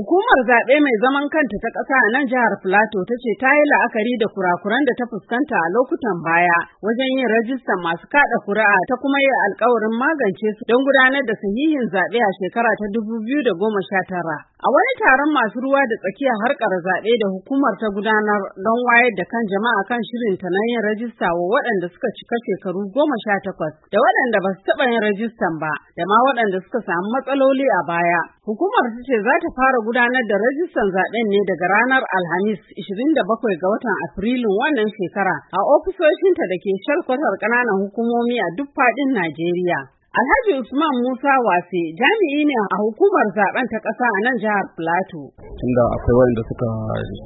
Hukumar zaɓe mai zaman kanta ta ƙasa a nan jihar Filato ta ce ta yi la'akari da kurakuran da ta fuskanta a lokutan baya wajen yin rajistan masu kaɗa kuri'a ta kuma yi alkawarin magance su don gudanar da sahihin zaɓe a shekara ta dubu biyu da goma sha tara. A wani taron masu ruwa da tsakiya harkar zaɓe da hukumar ta gudanar don wayar da kan jama'a kan shirin ta na yin rajista wa waɗanda suka cika shekaru goma sha takwas da waɗanda ba su taɓa yin rajistan ba da ma waɗanda suka samu matsaloli a baya. Hukumar ta ce za ta fara gudanar da rajistan zaɓen ne daga ranar Alhamis 27 ga watan Afrilun wannan shekara a ofisoshinta da ke shalkwatar ƙananan hukumomi a duk faɗin Najeriya. Alhaji Usman Musa Wase jami'i ne a hukumar zaben ta ƙasa a nan jihar Plateau. Tunda akwai waɗanda suka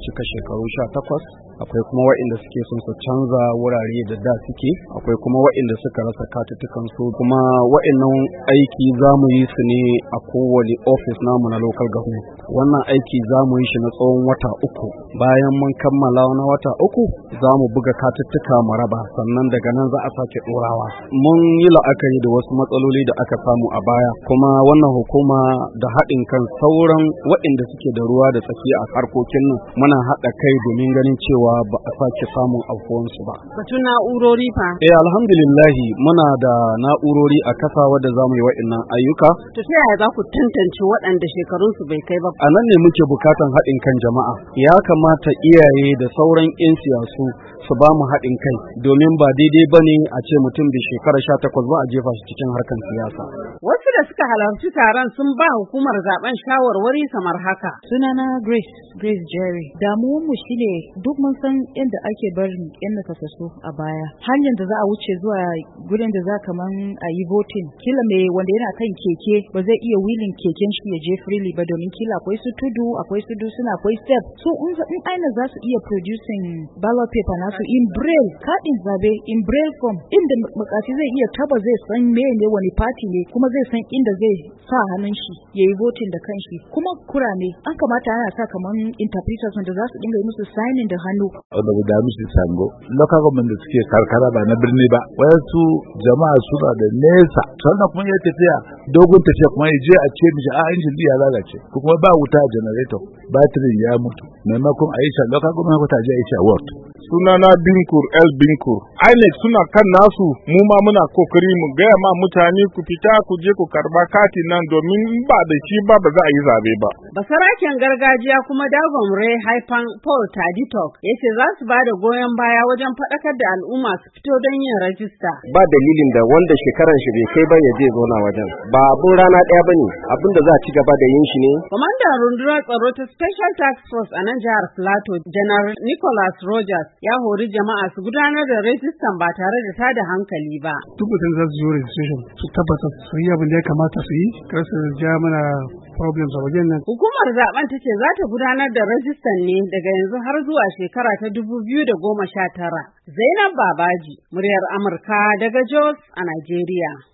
cika shekaru sha takwas, akwai kuma waɗanda suke son su canza wurare da da suke, akwai kuma waɗanda suka rasa katutukan su kuma waɗannan aiki za mu yi su ne a kowane ofis namu na local government. Wannan aiki za mu yi shi na tsawon wata uku. Bayan mun kammala na wata uku za mu buga katutuka maraba sannan daga nan za a sake ɗorawa. Mun yi la'akari da wasu matsaloli matsaloli da aka samu a baya kuma wannan hukuma da haɗin kan sauran waɗanda suke da ruwa da tsaki a harkokin nan muna haɗa kai domin ganin cewa ba a sake samun aukuwansu ba. Batun na'urori fa? Eh alhamdulillahi muna da na'urori a kasa wadda za mu yi waɗannan ayyuka. To ta yaya za ku tantance waɗanda shekarunsu bai kai ba? A nan ne muke bukatan haɗin kan jama'a. Ya kamata iyaye da sauran 'yan siyasu su ba mu haɗin kai domin ba daidai ba ne a ce mutum da shekara sha takwas ba a jefa shi cikin harkar siyasa. Wasu da suka halarci taron sun ba hukumar zaben shawarwari kamar haka. Sunana Grace, Grace Jerry. mu shine duk mun san yadda ake barin yan nakasassu a baya. Hanyar da za a wuce zuwa gurin da za kaman a yi voting. Kila me wanda yana kan keke ba zai iya wilin keken shi ya je freely ba domin kila akwai su tudu, akwai su suna akwai step. So in aina za su iya producing ballot paper nasu in braille, kaɗin zabe in braille form inda makaci zai iya taba zai san me ne wani party ne kuma zai san inda zai sa hannun shi ya yi votin da kanshi kuma kurame an kamata ana sa kamar interpreters da za su dinga yi musu signing da hannu. guda musu Sango, local government da suke karkara ba na birni ba, wayansu jama'a suna da nesa, sannan kuma ya tafiya dogon tafiya kuma ya je a ce mishi a injin ya lalace, ko kuma ba wuta a generator, batirin ya mutu, maimakon a yi local government ta je a yi Sunana Binkur, El Binkur, INEC suna kan nasu mu ma muna kokari mu gaya ma mutane ku fita ku je ku karba kati nan domin ba da shi ba ba za a yi zabe ba. sarakin gargajiya kuma Dagon Ray Haifan Paul Taditok ya ce za su ba da goyon baya wajen faɗakar da al'umma su fito don yin rajista. Ba dalilin da wanda shekaran shi bai kai ba ya je zauna wajen. Ba abun rana ɗaya ba ne abin da za a ci gaba da yin shi ne. Kwamandan rundunar tsaro ta Special Task Force a nan jihar Plateau, General Nicholas Rogers ya hori jama'a su gudanar da rajista rajistan ba tare da tada hankali ba. Duk mutum za su zo rajistan su tabbata su yi abin da ya kamata su yi kar su ja mana problems a wajen nan. Hukumar zaben ta ce za ta gudanar da rajistan ne daga yanzu har zuwa shekara ta dubu biyu da goma sha tara. Zainab Babaji, muryar Amurka daga Jos a Najeriya.